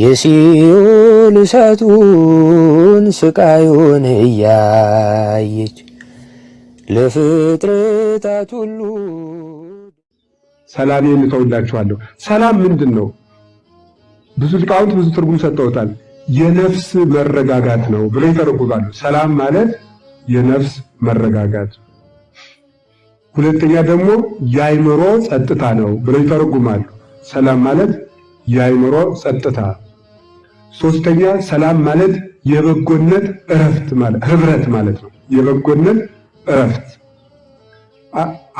የሲኦል እሳቱን ስቃዩን እያየች ለፍጥረታት ሁሉ ሰላም እተውላችኋለሁ። ሰላም ምንድን ነው? ብዙ ሊቃውንት ብዙ ትርጉም ሰጥተውታል። የነፍስ መረጋጋት ነው ብለው ይተረጉማሉ። ሰላም ማለት የነፍስ መረጋጋት፣ ሁለተኛ ደግሞ የአይምሮ ጸጥታ ነው ብለው ይተረጉማሉ። ሰላም ማለት የአይምሮ ጸጥታ ሶስተኛ ሰላም ማለት የበጎነት እረፍት ማለት ህብረት ማለት ነው። የበጎነት እረፍት።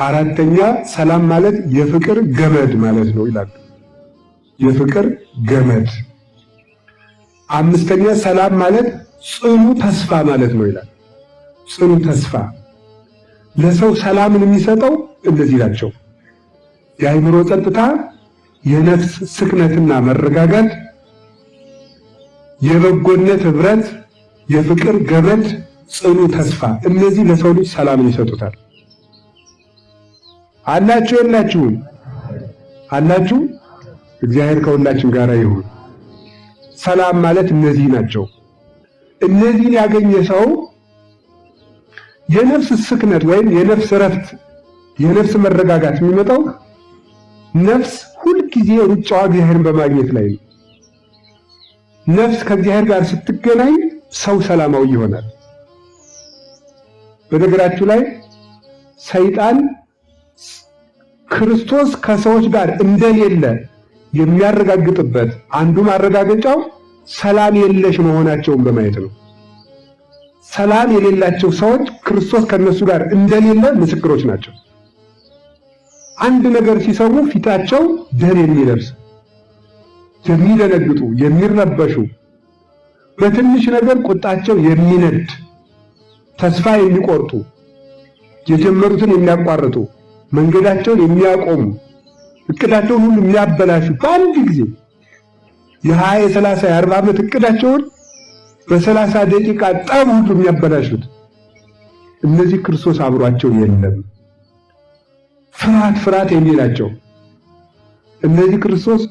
አራተኛ ሰላም ማለት የፍቅር ገመድ ማለት ነው ይላሉ። የፍቅር ገመድ። አምስተኛ ሰላም ማለት ጽኑ ተስፋ ማለት ነው ይላል። ጽኑ ተስፋ ለሰው ሰላምን የሚሰጠው እነዚህ ናቸው። የአእምሮ ጸጥታ፣ የነፍስ ስክነትና መረጋጋት የበጎነት ህብረት፣ የፍቅር ገመድ፣ ጽኑ ተስፋ እነዚህ ለሰው ልጅ ሰላምን ይሰጡታል። አላችሁ የላችሁም? አላችሁ። እግዚአብሔር ከሁላችን ጋር ይሁን። ሰላም ማለት እነዚህ ናቸው። እነዚህን ያገኘ ሰው የነፍስ ስክነት ወይም የነፍስ እረፍት፣ የነፍስ መረጋጋት የሚመጣው ነፍስ ሁልጊዜ ሩጫዋ እግዚአብሔርን በማግኘት ላይ ነው። ነፍስ ከእግዚአብሔር ጋር ስትገናኝ ሰው ሰላማዊ ይሆናል። በነገራችሁ ላይ ሰይጣን ክርስቶስ ከሰዎች ጋር እንደሌለ የሚያረጋግጥበት አንዱ ማረጋገጫው ሰላም የለሽ መሆናቸውን በማየት ነው። ሰላም የሌላቸው ሰዎች ክርስቶስ ከነሱ ጋር እንደሌለ ምስክሮች ናቸው። አንድ ነገር ሲሰሙ ፊታቸው ደን የሚለብስ የሚደነግጡ የሚረበሹ በትንሽ ነገር ቁጣቸው የሚነድ ተስፋ የሚቆርጡ የጀመሩትን የሚያቋርጡ መንገዳቸውን የሚያቆሙ እቅዳቸውን ሁሉ የሚያበላሹ በአንድ ጊዜ የሀያ የሰላሳ የአርባ ዓመት እቅዳቸውን በሰላሳ ደቂቃ ጠብ ሁሉ የሚያበላሹት እነዚህ ክርስቶስ አብሯቸው የለም። ፍርሃት ፍርሃት የሚላቸው እነዚህ ክርስቶስ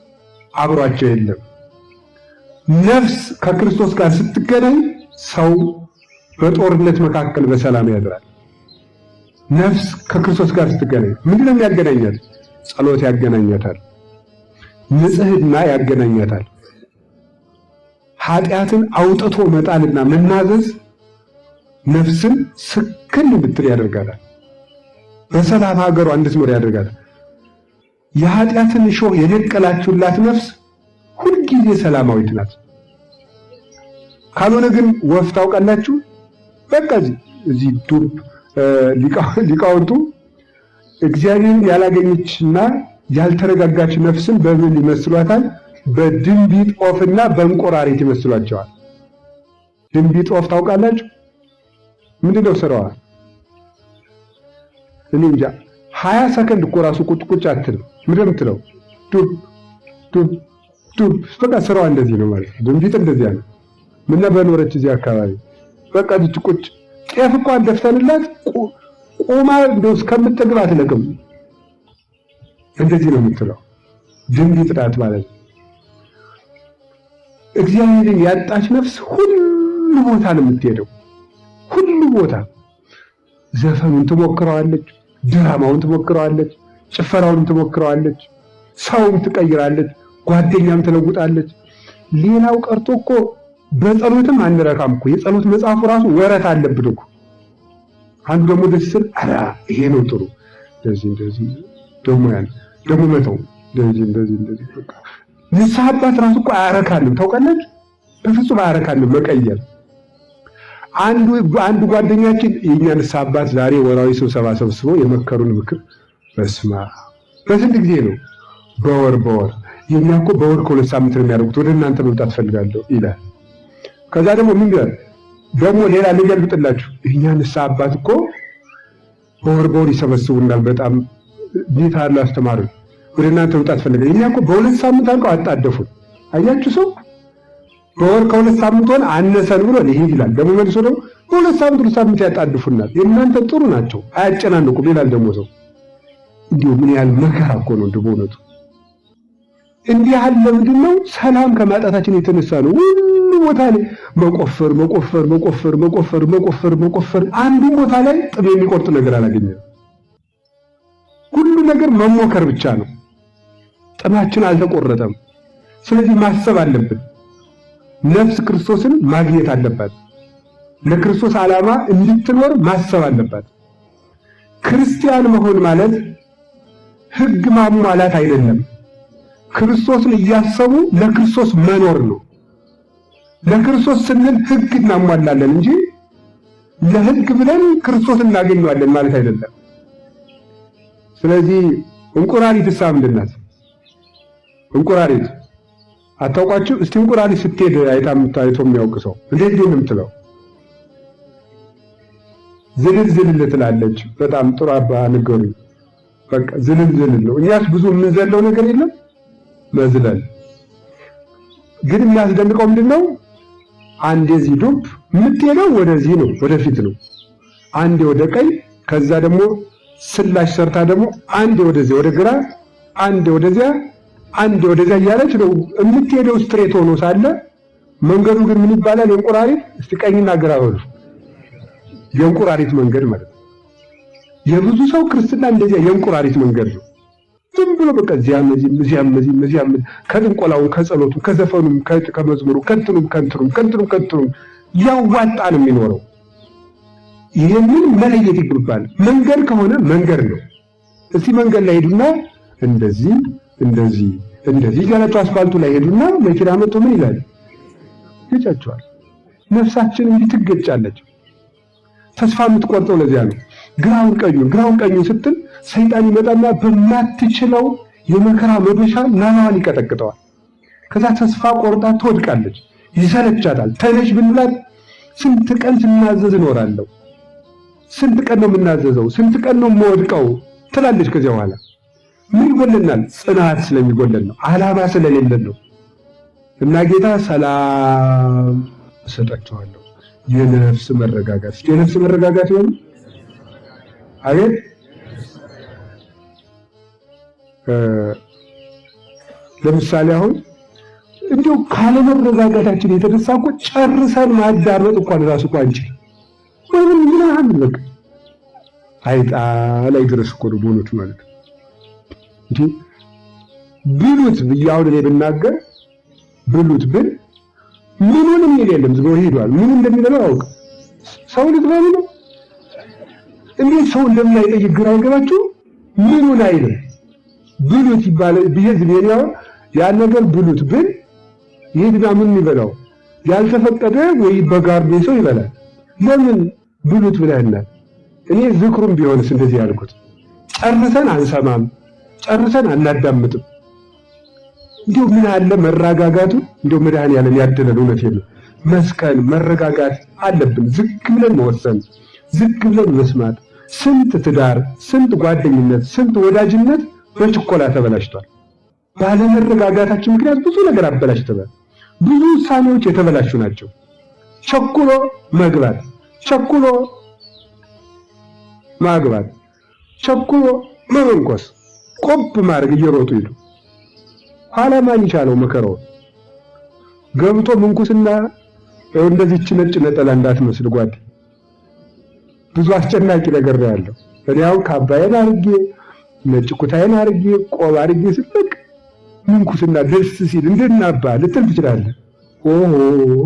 አብሯቸው የለም። ነፍስ ከክርስቶስ ጋር ስትገናኝ ሰው በጦርነት መካከል በሰላም ያድራል። ነፍስ ከክርስቶስ ጋር ስትገናኝ ምንድነው የሚያገናኛት? ጸሎት ያገናኛታል። ንጽህና ያገናኛታል። ኃጢአትን አውጥቶ መጣልና መናዘዝ ነፍስን ስክል ብትል ያደርጋታል። በሰላም ሀገሯ እንድትኖር ያደርጋታል። የኃጢአትን እሾህ የደቀላችሁላት ነፍስ ሁልጊዜ ሰላማዊት ናት። ካልሆነ ግን ወፍ ታውቃላችሁ። በቃ እዚህ ዱብ ሊቃውንቱ እግዚአብሔርን ያላገኘችና ያልተረጋጋች ነፍስን በምን ይመስሏታል? በድንቢጥ ወፍና በእንቆራሪት ይመስሏቸዋል። ድንቢጥ ወፍ ታውቃላችሁ? ምንድነው ስራዋ? እኔ እንጃ። ሀያ ሰከንድ እኮ ራሱ ቁጭ ቁጭ አትልም። ምንድን ነው የምትለው? ዱብ ዱብ ዱብ። በቃ ስራዋ እንደዚህ ነው ማለት ነው። ድንቢጥ እንደዚያ ነው። ምና በኖረች እዚህ አካባቢ በቃ ዝች ቁጭ ጤፍ እንኳን ደፍተንላት ቁማ እንደው እስከምጠግብ አትለቅም። እንደዚህ ነው የምትለው። ድንቢጥ ናት ማለት ነው። እግዚአብሔርን ያጣች ነፍስ ሁሉ ቦታ ነው የምትሄደው። ሁሉ ቦታ ዘፈኑን ትሞክረዋለች ድራማውን ትሞክረዋለች፣ ጭፈራውንም ትሞክረዋለች፣ ሰውም ትቀይራለች፣ ጓደኛም ትለውጣለች። ሌላው ቀርቶ እኮ በጸሎትም አንረካም እኮ የጸሎት መጽሐፉ ራሱ ወረት አለብን እኮ። አንዱ ደግሞ ደስ ስል ኧረ ይሄ ነው ጥሩ እንደዚህ እንደዚህ ደግሞ ያለ ደግሞ መተው እንደዚህ እንደዚህ እንደዚህ በቃ ንስሐ አባት ራሱ እኮ አያረካልም ታውቃለች፣ በፍጹም አያረካልም መቀየር አንዱ አንዱ ጓደኛችን የእኛን አባት ዛሬ ወራዊ ስብሰባ ሰብስቦ የመከሩን ምክር በስማ በስንት ጊዜ ነው? በወር በወር የኛ እኮ በወር ከሁለት ሳምንት ነው የሚያደርጉት። ወደ እናንተ መምጣት ፈልጋለሁ ይላል። ከዛ ደግሞ ምን ይላል ደግሞ ሌላ ልጅ አልግጥላችሁ የእኛ አባት እኮ በወር በወር ይሰበስቡናል። በጣም ጌታ ያለው አስተማሪ ወደ እናንተ መምጣት ፈልጋለሁ። የኛ እኮ በሁለት ሳምንት አልቀው አጣደፉን። አያችሁ ሰው በወር ከሁለት ሳምንት ሆነ አነሰን ብሎ ይሄ ይላል። ደግሞ መልሶ ደግሞ በሁለት ሳምንት ሁለት ሳምንት ያጣድፉናል። የእናንተ ጥሩ ናቸው አያጨናንቁም ይላል። ደግሞ ሰው እንዲሁ ምን ያህል መከራ እኮ ነው እንደ በእውነቱ እንዲህ ያህል ለምንድን ነው ሰላም ከማጣታችን የተነሳ ነው። ሁሉ ቦታ ላይ መቆፈር መቆፈር መቆፈር መቆፈር መቆፈር መቆፈር አንዱ ቦታ ላይ ጥም የሚቆርጥ ነገር አላገኘም። ሁሉ ነገር መሞከር ብቻ ነው። ጥማችን አልተቆረጠም። ስለዚህ ማሰብ አለብን። ነፍስ ክርስቶስን ማግኘት አለባት። ለክርስቶስ ዓላማ እንድትኖር ማሰብ አለባት። ክርስቲያን መሆን ማለት ሕግ ማሟላት አይደለም። ክርስቶስን እያሰቡ ለክርስቶስ መኖር ነው። ለክርስቶስ ስንል ሕግ እናሟላለን እንጂ ለሕግ ብለን ክርስቶስ እናገኘዋለን ማለት አይደለም። ስለዚህ እንቁራሪት እሳ ምንድን ናት? እንቁራሪት አታውቋችሁ? እስቲ እንቁራሪ ስትሄድ አይታም አይቶ የሚያውቅ ሰው እንዴት ነው የምትለው? ዝልል ዝልል ትላለች። በጣም ጥሩ አባ ንገሩኝ። በቃ ዝልል ዝልል ነው። እኛስ ብዙ የምንዘለው ነገር የለም መዝለል። ግን የሚያስደንቀው ምንድን ነው? አንዴ እዚህ ዱብ የምትሄደው ወደዚህ ነው፣ ወደፊት ነው። አንዴ ወደ ቀኝ፣ ከዛ ደግሞ ስላሽ ሰርታ ደግሞ አንዴ ወደዚያ ወደ ግራ፣ አንዴ ወደዚያ አንድ ወደዛ እያለች ነው የምትሄደው። ስትሬት ሆኖ ሳለ መንገዱ ግን ምን ይባላል? የእንቁራሪት እስቲ ቀኝና ግራ በሉ። የእንቁራሪት መንገድ ማለት ነው። የብዙ ሰው ክርስትና እንደዚያ የእንቁራሪት መንገድ ነው። ዝም ብሎ በቃ እዚያም እዚህም እዚያም እዚህም እዚያም ከጥንቆላውም ከጸሎቱም ከዘፈኑም ከመዝሙሩ ከንትኑም ከንትኑም ከንትኑም ከንትኑም ያዋጣ ነው የሚኖረው። ይህንን መለየት ይገባል። መንገድ ከሆነ መንገድ ነው። እስቲ መንገድ ላይ ሄዱና እንደዚህ እንደዚህ እንደዚህ ገለጡ አስፋልቱ ላይ ሄዱና መኪና መጡ። ምን ይላል? ገጫቸዋል። ነፍሳችን እንዲህ ትገጫለች። ተስፋ የምትቆርጠው ለዚያ ነው። ግራውን ቀኙን ግራውን ቀኙን ስትል ሰይጣን ይመጣና በማትችለው የመከራ መዶሻ ናናዋን ይቀጠቅጠዋል። ከዛ ተስፋ ቆርጣ ትወድቃለች። ይሰለቻታል። ተነሽ ብንላት ስንት ቀን ስናዘዝ እኖራለሁ፣ ስንት ቀን ነው የምናዘዘው፣ ስንት ቀን ነው የምወድቀው ትላለች። ከዚያ በኋላ ምን ይጎለናል? ጽናት ስለሚጎለን ነው። ዓላማ ስለሌለን ነው። እና ጌታ ሰላም እሰጣችኋለሁ፣ የነፍስ መረጋጋት። እስኪ የነፍስ መረጋጋት ይሆን? አቤት ለምሳሌ አሁን እንዲሁ ካለመረጋጋታችን የተነሳ እኮ ጨርሰን ማዳመጥ እንኳን ራሱ እኳ አንችል። ወይም ምን ያህል በቃ አይጣ ላይ ድረስ እኮ ነው በእውነቱ ማለት ነው። ብሉት ብዬ አሁን እኔ ብናገር ብሉት ብል ምኑንም የሚል የለም። ዝም ብሎ ሄዷል። ምን እንደሚበላ አውቅ ሰው ልትበሉ ነው። እንዴት ሰው አይጠይቅ? ግራ አይገባችሁም? ምኑን አይልም። ብሉት ይባላል ብዬ ዝቤሪያ ያን ነገር ብሉት ብል ይሄድና ምን ይበላው? ያልተፈቀደ ወይ በጋርዶ ሰው ይበላል። ለምን ብሉት ብለህናል? እኔ ዝክሩም ቢሆንስ እንደዚህ ያልኩት ጨርሰን አንሰማም ጨርሰን አናዳምጥም። እንዲሁ ምን አለ መረጋጋቱ እንዲሁ መድኃኔዓለም ያደለን እውነት የለም። መስከን መረጋጋት አለብን። ዝግ ብለን መወሰን፣ ዝግ ብለን መስማት። ስንት ትዳር፣ ስንት ጓደኝነት፣ ስንት ወዳጅነት በችኮላ ተበላሽቷል። ባለመረጋጋታችን ምክንያት ብዙ ነገር አበላሽተናል። ብዙ ውሳኔዎች የተበላሹ ናቸው። ቸኩሎ መግባት፣ ቸኩሎ ማግባት፣ ቸኩሎ መመንኮስ ቆብ ማድረግ እየሮጡ ይሉ አላማን ይቻለው መከራውን ገብቶ ምንኩስና እንደዚች ነጭ ነጠላ እንዳትመስል ጓድ ብዙ አስጨናቂ ነገር ነው ያለው። እኔ አሁን ካባዬን አርጌ ነጭ ኩታዬን አርጌ ቆብ አርጌ ስለቅ ምንኩስና ደስ ሲል እንድናባ ልትል ትችላለህ። ኦሆ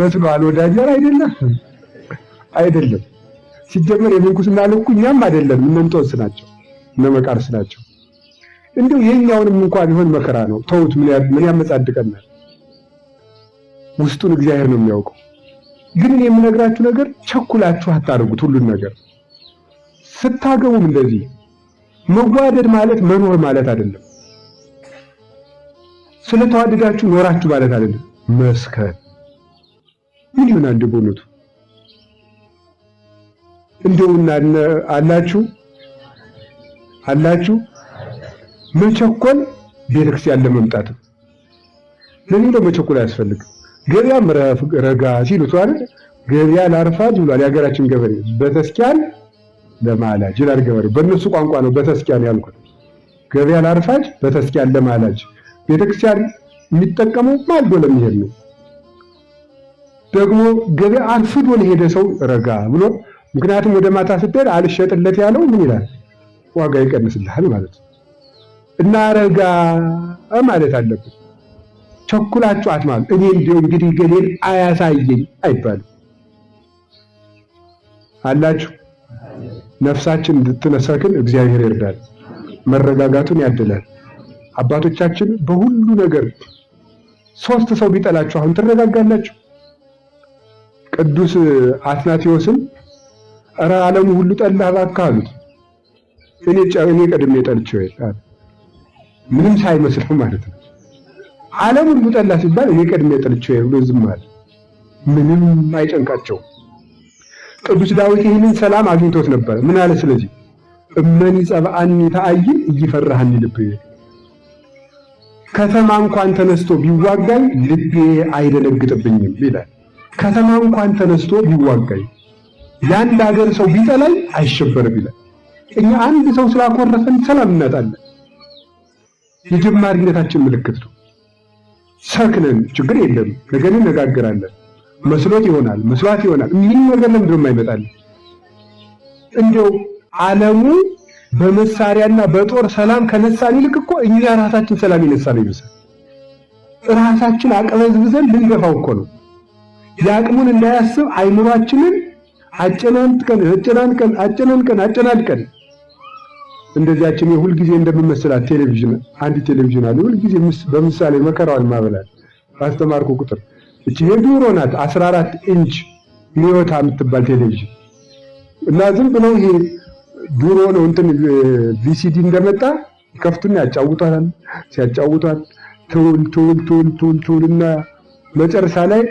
መስሏል ወዳጀር አይደለም አይደለም። ሲጀመር የምንኩስና ልኩ እኛም አይደለም እነንጦስ ናቸው። እነ መቃርስ ናቸው። እንዲሁ ይሄኛውንም እንኳ ቢሆን መከራ ነው። ተውት፣ ምን ያመጻድቀናል? ውስጡን እግዚአብሔር ነው የሚያውቀው። ግን እኔ የምነግራችሁ ነገር ቸኩላችሁ አታደርጉት። ሁሉን ነገር ስታገቡም እንደዚህ መዋደድ ማለት መኖር ማለት አይደለም። ስለተዋደዳችሁ ኖራችሁ ማለት አይደለም። መስከን ምን ይሆናል? እንደው በእውነቱ እንደውና አላችሁ አላችሁ መቸኮል ቤተክርስቲያን ለመምጣት ለዚህ ብሎ መቸኮል አያስፈልግም። ገበያም ረጋ ሲሉት አይደል ገበያ ላርፋጅ ብሏል የሀገራችን ገበሬ። በተስኪያን ለማላጅ ይላል ገበሬው። በእነሱ ቋንቋ ነው በተስኪያን ያልኩት። ገበያ ላርፋጅ በተስኪያን ለማላጅ። ቤተክርስቲያን የሚጠቀመው ማልዶ ለሚሄድ ነው። ደግሞ ገበያ አርፍዶ ለሄደ ሰው ረጋ ብሎ ምክንያቱም ወደ ማታ ስትሄድ አልሸጥለት ያለው ምን ይላል? ዋጋ ይቀንስልሃል ማለት ነው። እናረጋ ማለት አለብን። ቸኩላችሁ ማለት እኔ እንዲ እንግዲህ ገሌን አያሳየኝ አይባልም አላችሁ። ነፍሳችን እንድትመሰክን እግዚአብሔር ይርዳል፣ መረጋጋቱን ያድላል። አባቶቻችን በሁሉ ነገር ሶስት ሰው ቢጠላችሁ አሁን ትረጋጋላችሁ። ቅዱስ አትናቴዎስን እረ ዓለሙ ሁሉ ጠላህ እባክህ አሉት። እኔ ቀድሜ ጠልቼው ይላል። ምንም ሳይመስለው ማለት ነው። ዓለም ሁሉ ጠላ ሲባል እኔ ቀድሜ ጠልቼው ብሎ ዝም አለ። ምንም አይጨንቃቸውም። ቅዱስ ዳዊት ይህንን ሰላም አግኝቶት ነበረ። ምን አለ? ስለዚህ እመኒ ጸብአኒ ተአይ እይፈራሃኒ ልብ ከተማ እንኳን ተነስቶ ቢዋጋኝ ልቤ አይደነግጥብኝም ይላል። ከተማ እንኳን ተነስቶ ቢዋጋኝ የአንድ ሀገር ሰው ቢጠላኝ አይሸበርም ይላል። እኛ አንድ ሰው ስላኮረፈን ሰላም እናጣለን። የጀማሪነታችን ምልክት ነው። ሰክነን ችግር የለም ነገ እንነጋገራለን። መስሎት ይሆናል መስዋዕት ይሆናል ምንም ነገር ለምንድን የማይመጣልን? እንዲያው ዓለሙ በመሳሪያና በጦር ሰላም ከነሳን ይልቅ እኮ እኛ ራሳችን ሰላም ነው ይመስል ራሳችን አቅበዝብዘን ልንገፋው እኮ ነው። የአቅሙን እንዳያስብ አይምሯችንን አጨናንቀን አጨናንቀን አጨናንቀን አጨናንቀን እንደዚያችን የሁልጊዜ እንደምመስላት ቴሌቪዥን አንድ ቴሌቪዥን አለ። ሁልጊዜ በምሳሌ መከራዋን ማበላት ባስተማርኩ ቁጥር እቺ የዱሮ ናት 14 ኢንች ሚዮታ የምትባል ቴሌቪዥን እና ዝም ብለው ይሄ ዱሮ ነው እንትን ቪሲዲ እንደመጣ ከፍቱና ያጫውቷታል። ሲያጫውቷት ትውል ትውል ትውል ትውል ትውል እና መጨረሻ ላይ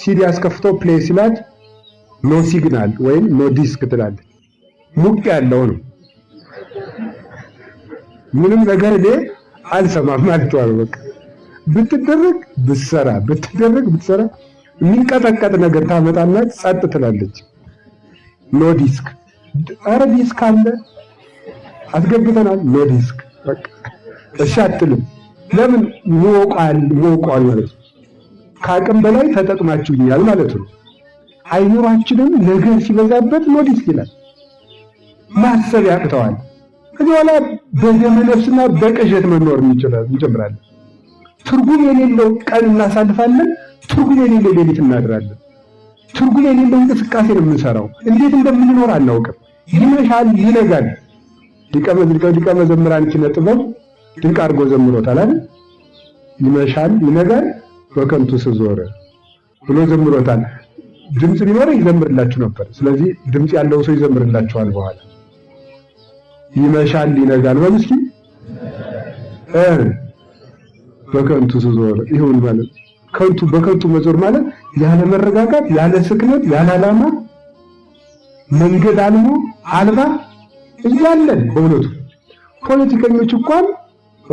ሲዲ አስከፍተው ፕሌይ ሲላት ኖ ሲግናል ወይም ኖ ዲስክ ትላለች። ሙቅ ያለው ነው ምንም ነገር እኔ አልሰማም ማለቷ ነው። በቃ ብትደረግ ብትሰራ ብትደረግ ብትሰራ የሚንቀጠቀጥ ነገር ታመጣና ጸጥ ትላለች። ኖ ዲስክ፣ አረ ዲስክ አለ አስገብተናል። ኖ ዲስክ በቃ እሺ አትልም። ለምን ሞቋል ሞቋል ማለት ነው። ከአቅም በላይ ተጠቅማችሁኛል ማለት ነው። አይምሯችንም ነገር ሲበዛበት ኖ ዲስክ ይላል፣ ማሰብ ያቅተዋል። ከዚህ በኋላ በደመ ነፍስና በቅዠት መኖር እንጀምራለን። ትርጉም የሌለው ቀን እናሳልፋለን። ትርጉም የሌለው ሌሊት እናድራለን። ትርጉም የሌለው እንቅስቃሴ ነው የምንሰራው። እንዴት እንደምንኖር አናውቅም። ይመሻል፣ ይነጋል። ሊቀ መዘምራን ኪነ ጥበብ ድንቅ አድርጎ ዘምሮታል አይደል? ይመሻል፣ ይነጋል በከንቱ ስዞር ብሎ ዘምሮታል። ድምፅ ቢኖረ ይዘምርላችሁ ነበር። ስለዚህ ድምፅ ያለው ሰው ይዘምርላችኋል በኋላ ይመሻል ይነጋል። እስኪ እ በከንቱ ስትዞር ይሁን ማለት ከንቱ በከንቱ መዞር ማለት ያለ መረጋጋት፣ ያለ ስክነት፣ ያለ አላማ መንገድ አልሞ አልባ እያለን በእውነቱ ፖለቲከኞች እንኳን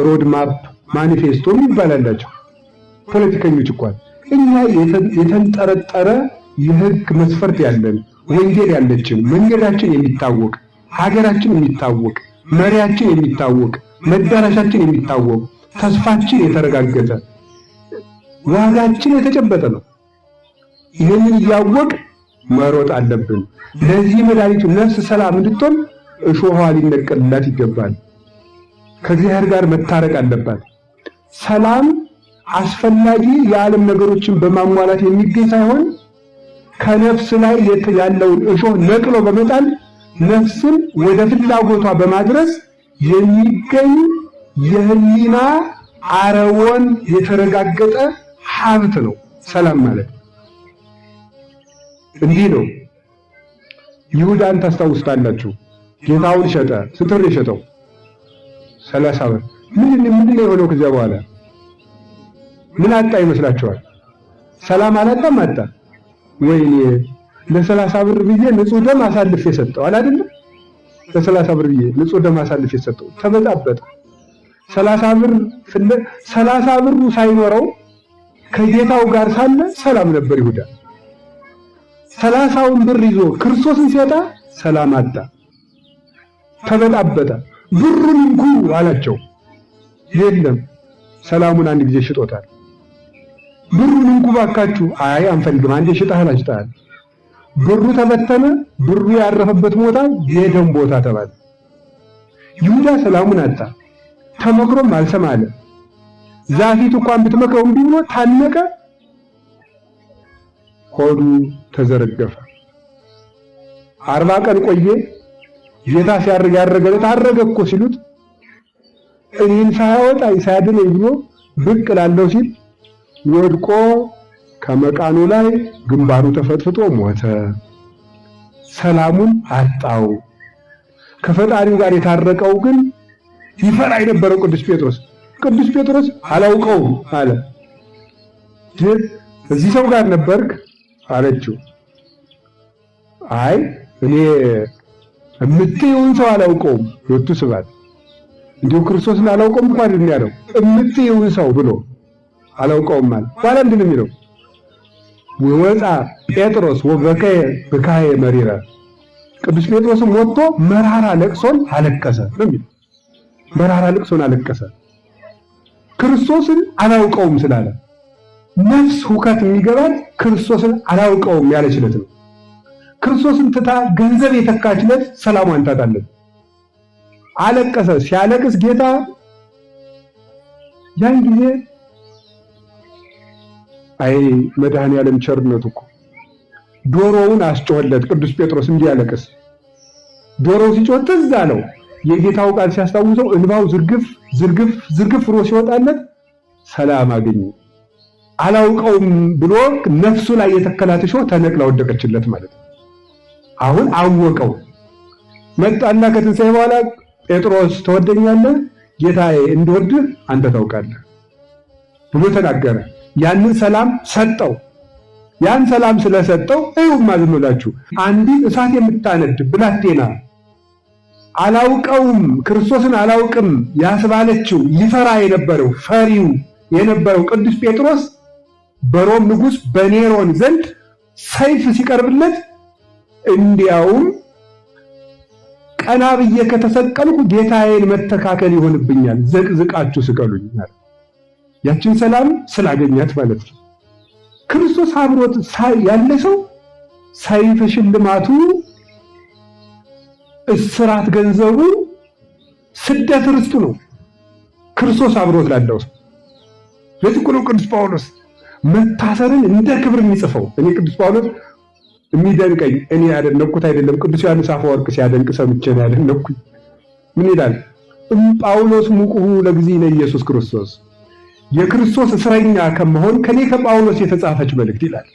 ሮድ ማፕ ማኒፌስቶ ይባላላቸው ፖለቲከኞች እንኳን እኛ የተንጠረጠረ የህግ መስፈርት ያለን ወንጌል ያለችን መንገዳችን የሚታወቅ ሀገራችን የሚታወቅ መሪያችን የሚታወቅ መዳረሻችን የሚታወቅ ተስፋችን የተረጋገጠ ዋጋችን የተጨበጠ ነው። ይህንን እያወቅ መሮጥ አለብን። ለዚህ መድኃኒቱ ነፍስ ሰላም እንድትሆን እሾሃ ሊነቀልላት ይገባል። ከእግዚአብሔር ጋር መታረቅ አለባት። ሰላም አስፈላጊ የዓለም ነገሮችን በማሟላት የሚገኝ ሳይሆን ከነፍስ ላይ ያለውን እሾህ ነቅሎ በመጣል ነፍስን ወደ ፍላጎቷ በማድረስ የሚገኝ የህሊና አረወን የተረጋገጠ ሀብት ነው። ሰላም ማለት እንዲህ ነው። ይሁዳን ታስታውስታላችሁ። ጌታውን ሸጠ። ስንት ብር የሸጠው? ሰላሳ ብር። ምንድን ምንድን የሆነው? ከዚያ በኋላ ምን አጣ ይመስላችኋል? ሰላም አላጣም? አጣ። ወይኔ ለሰላሳ ብር ብዬ ንጹህ ደም አሳልፍ የሰጠው አይደለም? ለሰላሳ ብር ብዬ ንጹህ ደም አሳልፍ የሰጠው ተበጣበጠ። ሰላሳ ብር ሰላሳ ብሩ ሳይኖረው ከጌታው ጋር ሳለ ሰላም ነበር ይሁዳ። ሰላሳውን ብር ይዞ ክርስቶስን ሲጣ ሰላም አጣ። ተበጣበጠ። ብሩን እንኩ አላቸው። የለም ሰላሙን አንድ ጊዜ ሽጦታል። ብሩን እንኩ ባካችሁ። አይ አንፈልግም፣ አንዴ ሽጣህ አላሽጣህ ብሩ ተበተነ። ብሩ ያረፈበት ቦታ የደም ቦታ ተባለ። ይሁዳ ሰላሙን አጣ። ተመክሮም አልሰማ አለ። ዛፊት እንኳን ብትመክረው እምቢ ብሎ ታነቀ። ሆዱ ተዘረገፈ። አርባ ቀን ቆየ። ጌታ ሲያርግ ያረገለት አረገ እኮ ሲሉት እኔን ሳያወጣኝ ሳያድነኝ ብሎ ብቅ ላለው ሲል ወድቆ ከመቃኑ ላይ ግንባሩ ተፈጥፍጦ ሞተ። ሰላሙን አጣው። ከፈጣሪው ጋር የታረቀው ግን ይፈራ የነበረው ቅዱስ ጴጥሮስ ቅዱስ ጴጥሮስ አላውቀውም አለ። እዚህ ሰው ጋር ነበርክ አለችው። አይ እኔ እምትይውን ሰው አላውቀውም። የወቱ ስባት እንዲሁ ክርስቶስን አላውቀውም እንኳን ያለው እምትይውን ሰው ብሎ አላውቀውም አለ። በኋላ ምንድን ነው የሚለው? ወወፃ ጴጥሮስ ወበከየ ብካየ መሪራ ቅዱስ ጴጥሮስም ወጥቶ መራራ ለቅሶን አለቀሰ ነው መራራ ለቅሶን አለቀሰ ክርስቶስን አላውቀውም ስላለ ነፍስ ሁከት የሚገባት ክርስቶስን አላውቀውም ያለችለት ነው። ክርስቶስን ትታ ገንዘብ የተካችለት ሰላሟን ታጣለች። አለቀሰ። ሲያለቅስ ጌታ ያን ጊዜ አይ መድኃኔ ዓለም ቸርነት እኮ ዶሮውን አስጮኸለት። ቅዱስ ጴጥሮስ እንዲያለቅስ ዶሮው ሲጮህ ትዝ አለው የጌታው ቃል ሲያስታውሰው እንባው ዝርግፍ ዝርግፍ ዝርግፍ ብሎ ሲወጣለት ሰላም አገኘ። አላውቀውም ብሎ ነፍሱ ላይ የተከላት እሾህ ተነቅላ ወደቀችለት ማለት ነው። አሁን አወቀው። መጣና ከትንሣኤ በኋላ ጴጥሮስ ተወደኛለ ጌታዬ እንድወድህ አንተ ታውቃለህ ብሎ ተናገረ። ያንን ሰላም ሰጠው። ያን ሰላም ስለሰጠው እዩ ዝም አንዲት እሳት የምታነድ ብላቴና አላውቀውም ክርስቶስን አላውቅም ያስባለችው ይፈራ የነበረው ፈሪው የነበረው ቅዱስ ጴጥሮስ በሮም ንጉሥ በኔሮን ዘንድ ሰይፍ ሲቀርብለት እንዲያውም ቀና ብዬ ከተሰቀልኩ ጌታዬን መተካከል ይሆንብኛል፣ ዘቅዝቃችሁ ስቀሉኛል። ያችን ሰላም ስላገኛት ማለት ነው። ክርስቶስ አብሮት ያለ ሰው ሰይፈ ሽልማቱ፣ እስራት ገንዘቡ፣ ስደት ርስቱ ነው። ክርስቶስ አብሮት ላለው ሰው ለዚህ ነው ቅዱስ ጳውሎስ መታሰርን እንደ ክብር የሚጽፈው። እኔ ቅዱስ ጳውሎስ የሚደንቀኝ እኔ ያደነኩት አይደለም፣ ቅዱስ ዮሐንስ አፈወርቅ ሲያደንቅ ሰምቼ ያደነኩኝ። ምን ይላል? ጳውሎስ ሙቁሁ ለጊዜነ ኢየሱስ ክርስቶስ የክርስቶስ እስረኛ ከመሆን ከኔ ከጳውሎስ የተጻፈች መልእክት ይላል።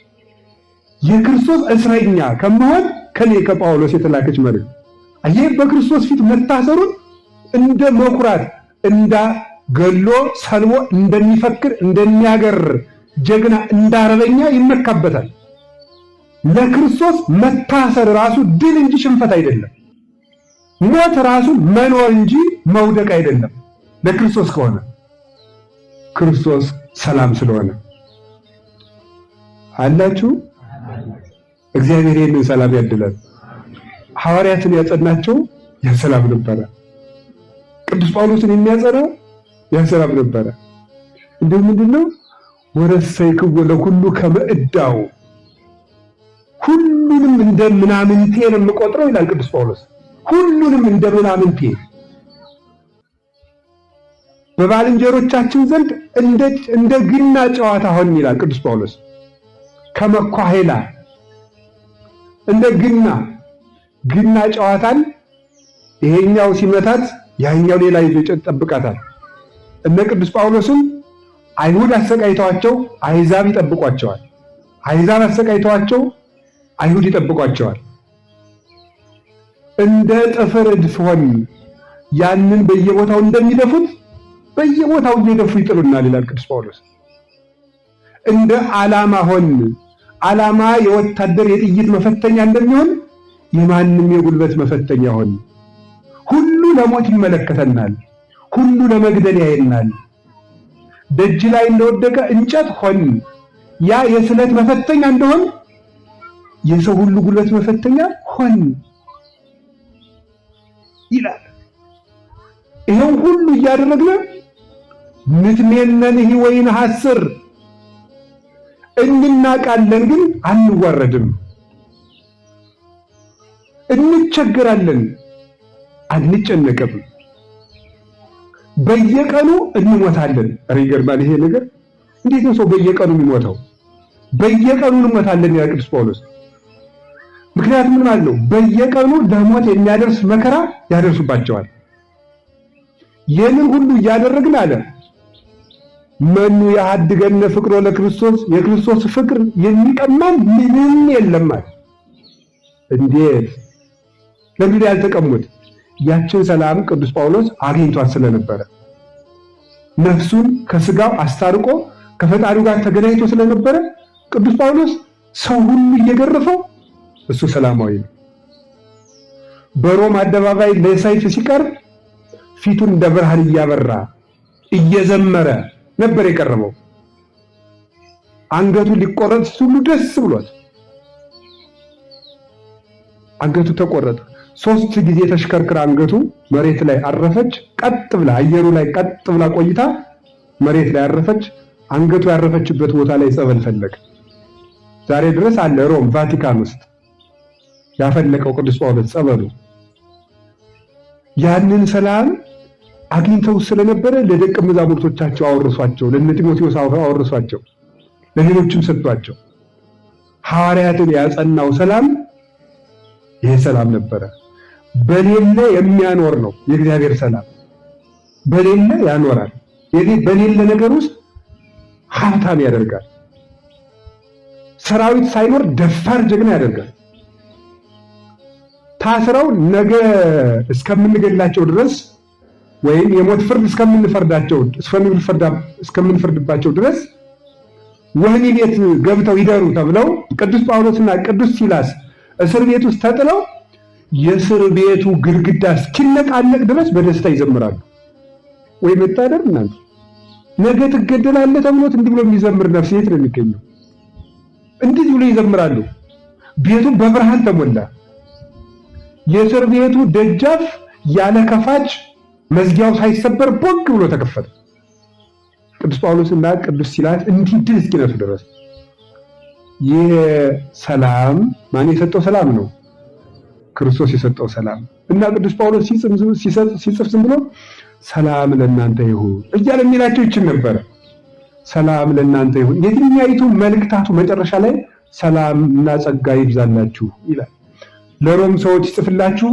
የክርስቶስ እስረኛ ከመሆን ከኔ ከጳውሎስ የተላከች መልእክት። ይህ በክርስቶስ ፊት መታሰሩን እንደ መኩራት እንዳ ገሎ ሰልቦ እንደሚፈክር እንደሚያገር ጀግና እንዳረበኛ ይመካበታል። ለክርስቶስ መታሰር ራሱ ድል እንጂ ሽንፈት አይደለም። ሞት ራሱ መኖር እንጂ መውደቅ አይደለም ለክርስቶስ ከሆነ ክርስቶስ ሰላም ስለሆነ አላችሁ። እግዚአብሔር ይህንን ሰላም ያድለን። ሐዋርያትን ያጸናቸው ያ ሰላም ነበረ። ቅዱስ ጳውሎስን የሚያጸናው ያ ሰላም ነበረ። እንደ ምንድነው ወረሰይክዎ ለሁሉ ከመዕዳው ሁሉንም እንደ ምናምንቴ ነው የምቆጥረው ይላል ቅዱስ ጳውሎስ። ሁሉንም እንደ ምናምንቴ በባልንጀሮቻችን ዘንድ እንደ ግና ጨዋታ ሆን ይላል ቅዱስ ጳውሎስ። ከመኳሄላ እንደ ግና ግና ጨዋታን ይሄኛው ሲመታት ያኛው ሌላ ይዞ ይጠብቃታል። እነ ቅዱስ ጳውሎስም አይሁድ አሰቃይተዋቸው አይዛብ ይጠብቋቸዋል። አይዛብ አሰቃይተዋቸው አይሁድ ይጠብቋቸዋል። እንደ ጥፍር እድፍ ሆን ያንን በየቦታው እንደሚደፉት በየቦታው እየገፉ ይጥሉናል ይላል ቅዱስ ጳውሎስ። እንደ ዓላማ ሆን ዓላማ የወታደር የጥይት መፈተኛ እንደሚሆን የማንም የጉልበት መፈተኛ ሆን። ሁሉ ለሞት ይመለከተናል፣ ሁሉ ለመግደል ያየናል። ደጅ ላይ እንደወደቀ እንጨት ሆን። ያ የስለት መፈተኛ እንደሆን የሰው ሁሉ ጉልበት መፈተኛ ሆን ይላል። ይሄው ሁሉ እያደረግን ምትሜነንህ ወይን ሐስር እንናቃለን ግን አንዋረድም፣ እንቸግራለን አንጨነቅም፣ በየቀኑ እንሞታለን። ኧረ ይገርማል ይሄ ነገር። እንዴት ነው ሰው በየቀኑ የሚሞተው? በየቀኑ እንሞታለን ያ ቅዱስ ጳውሎስ። ምክንያቱም ምን ማለት ነው? በየቀኑ ለሞት የሚያደርስ መከራ ያደርሱባቸዋል። ይህንን ሁሉ እያደረግን አለ መኑ ያሀድገነ ፍቅሮ ለክርስቶስ የክርስቶስ ፍቅር የሚቀማን ምንም የለም እንዴት ለምን ያልተቀሙት ያችን ሰላም ቅዱስ ጳውሎስ አግኝቷት ስለነበረ ነፍሱን ከስጋው አስታርቆ ከፈጣሪው ጋር ተገናኝቶ ስለነበረ ቅዱስ ጳውሎስ ሰው ሁሉ እየገረፈው እሱ ሰላማዊ ነው። በሮም አደባባይ ለሰይፍ ሲቀርብ ፊቱን እንደ ብርሃን እያበራ እየዘመረ ነበር የቀረበው። አንገቱ ሊቆረጥ ሁሉ ደስ ብሏል። አንገቱ ተቆረጠ። ሶስት ጊዜ ተሽከርክራ አንገቱ መሬት ላይ አረፈች። ቀጥ ብላ አየሩ ላይ ቀጥ ብላ ቆይታ መሬት ላይ አረፈች። አንገቱ ያረፈችበት ቦታ ላይ ጸበል ፈለገ። ዛሬ ድረስ አለ ሮም ቫቲካን ውስጥ ያፈለቀው ቅዱስ ጳውሎስ ጸበሉ ያንን ሰላም አግኝተው ስለነበረ ለደቀ መዛሙርቶቻቸው አወረሷቸው፣ ለነ ጢሞቴዎስ አወረሷቸው፣ ለሌሎችም ሰጥቷቸው። ሐዋርያትን ያጸናው ሰላም ይሄ ሰላም ነበረ። በሌለ የሚያኖር ነው የእግዚአብሔር ሰላም። በሌለ ያኖራል። በሌለ ነገር ውስጥ ሀብታም ያደርጋል። ሰራዊት ሳይኖር ደፋር ጀግና ያደርጋል። ታስረው ነገ እስከምንገላቸው ድረስ ወይም የሞት ፍርድ እስከምንፈርዳቸው እስከምንፈርድባቸው ድረስ ወህኒ ቤት ገብተው ይደሩ ተብለው ቅዱስ ጳውሎስና ቅዱስ ሲላስ እስር ቤት ውስጥ ተጥለው የእስር ቤቱ ግድግዳ እስኪነቃነቅ ድረስ በደስታ ይዘምራሉ። ወይ መታደር እናንተ! ነገ ትገደላለህ ተብሎት እንዲህ ብሎ የሚዘምር ነፍስ የት ነው የሚገኘው? እንዲህ ብሎ ይዘምራሉ። ቤቱ በብርሃን ተሞላ። የእስር ቤቱ ደጃፍ ያለ ከፋች መዝጊያው ሳይሰበር ቦግ ብሎ ተከፈተ። ቅዱስ ጳውሎስና ቅዱስ ሲላስ እንዲህ ድል እስኪነሱ ድረስ ይህ ሰላም ማን የሰጠው ሰላም ነው? ክርስቶስ የሰጠው ሰላም እና ቅዱስ ጳውሎስ ሲጽፍ ዝም ብሎ ሰላም ለእናንተ ይሁን እያለ የሚላቸው ይችል ነበረ። ሰላም ለእናንተ ይሁን። የትኛይቱ መልእክታቱ መጨረሻ ላይ ሰላም እና ጸጋ ይብዛላችሁ ይላል። ለሮም ሰዎች ይጽፍላችሁ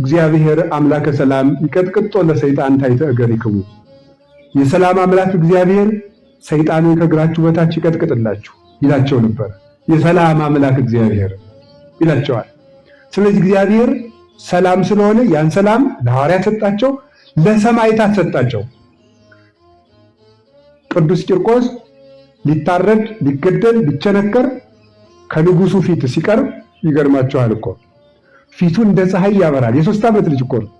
እግዚአብሔር አምላከ ሰላም ይቀጥቅጦ ለሰይጣን ታይተ እገሪክሙ የሰላም አምላክ እግዚአብሔር ሰይጣንን ከእግራችሁ በታች ይቀጥቅጥላችሁ ይላቸው ነበር። የሰላም አምላክ እግዚአብሔር ይላቸዋል። ስለዚህ እግዚአብሔር ሰላም ስለሆነ ያን ሰላም ለሐዋርያት ሰጣቸው፣ ለሰማዕታት ሰጣቸው። ቅዱስ ቂርቆስ ሊታረድ፣ ሊገደል፣ ሊቸነከር ከንጉሱ ፊት ሲቀርብ ይገርማቸዋል እኮ ፊቱ እንደ ፀሐይ ያበራል። የሶስት ዓመት ልጅ እኮ ነው።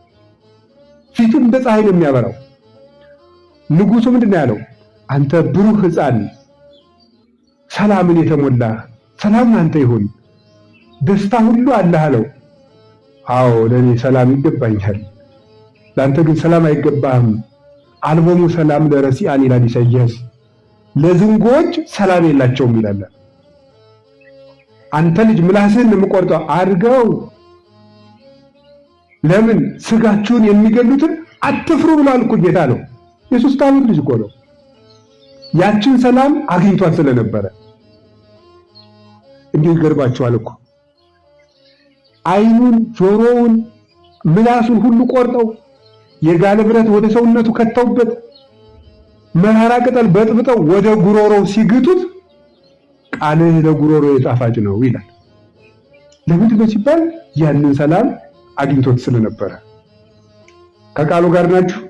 ፊቱ እንደ ፀሐይ ነው የሚያበራው። ንጉሱ ምንድን ነው ያለው? አንተ ብሩህ ሕፃን ሰላምን የተሞላ ሰላም አንተ ይሁን፣ ደስታ ሁሉ አለህ አለው። አዎ ለእኔ ሰላም ይገባኛል፣ ለአንተ ግን ሰላም አይገባህም። አልቦሙ ሰላም ለረሲአን ይላል ኢሳይያስ። ለዝንጎች ሰላም የላቸውም ይላል። አንተ ልጅ ምላስህን የምቆርጠው አድርገው ለምን ስጋችሁን የሚገሉትን አትፍሩ ብሏል እኮ ጌታ ነው። የሶስት ዓመት ልጅ እኮ ነው። ያችን ሰላም አግኝቷል ስለነበረ እንዲሁ ይገርባችኋል እኮ አይኑን፣ ጆሮውን፣ ምላሱን ሁሉ ቆርጠው የጋለ ብረት ወደ ሰውነቱ ከተውበት መራራ ቅጠል በጥብጠው ወደ ጉሮሮው ሲግጡት ቃልህ ለጉሮሮ የጣፋጭ ነው ይላል። ለምንድን ነው ሲባል ያንን ሰላም አግኝቶት ስለነበረ ከቃሉ ጋር ናችሁ።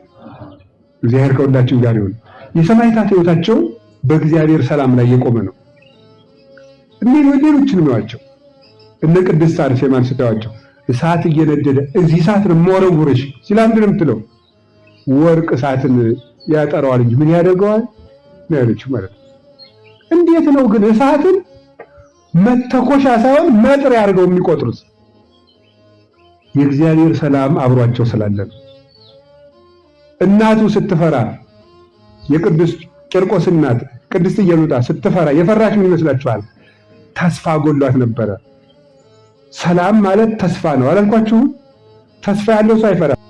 እግዚአብሔር ከሁላችን ጋር ይሁን። የሰማዕታት ሕይወታቸው በእግዚአብሔር ሰላም ላይ የቆመ ነው። እኔ ሌሎችንም ነዋቸው እነ ቅድስት አርሴማን ስታዋቸው እሳት እየነደደ እዚህ እሳት ነው የምወረውርሽ ሲል አንድ ነው የምትለው። ወርቅ እሳትን ያጠራዋል እንጂ ምን ያደርገዋል ነው ያለችው ማለት ነው። እንዴት ነው ግን እሳትን መተኮሻ ሳይሆን መጥሪያ አድርገው የሚቆጥሩት? የእግዚአብሔር ሰላም አብሯቸው ስላለ ነው። እናቱ ስትፈራ የቅዱስ ቂርቆስ እናት ቅድስት ኢየሉጣ ስትፈራ የፈራች ምን ይመስላችኋል? ተስፋ ጎሏት ነበረ። ሰላም ማለት ተስፋ ነው አላልኳችሁም? ተስፋ ያለው ሰው አይፈራም።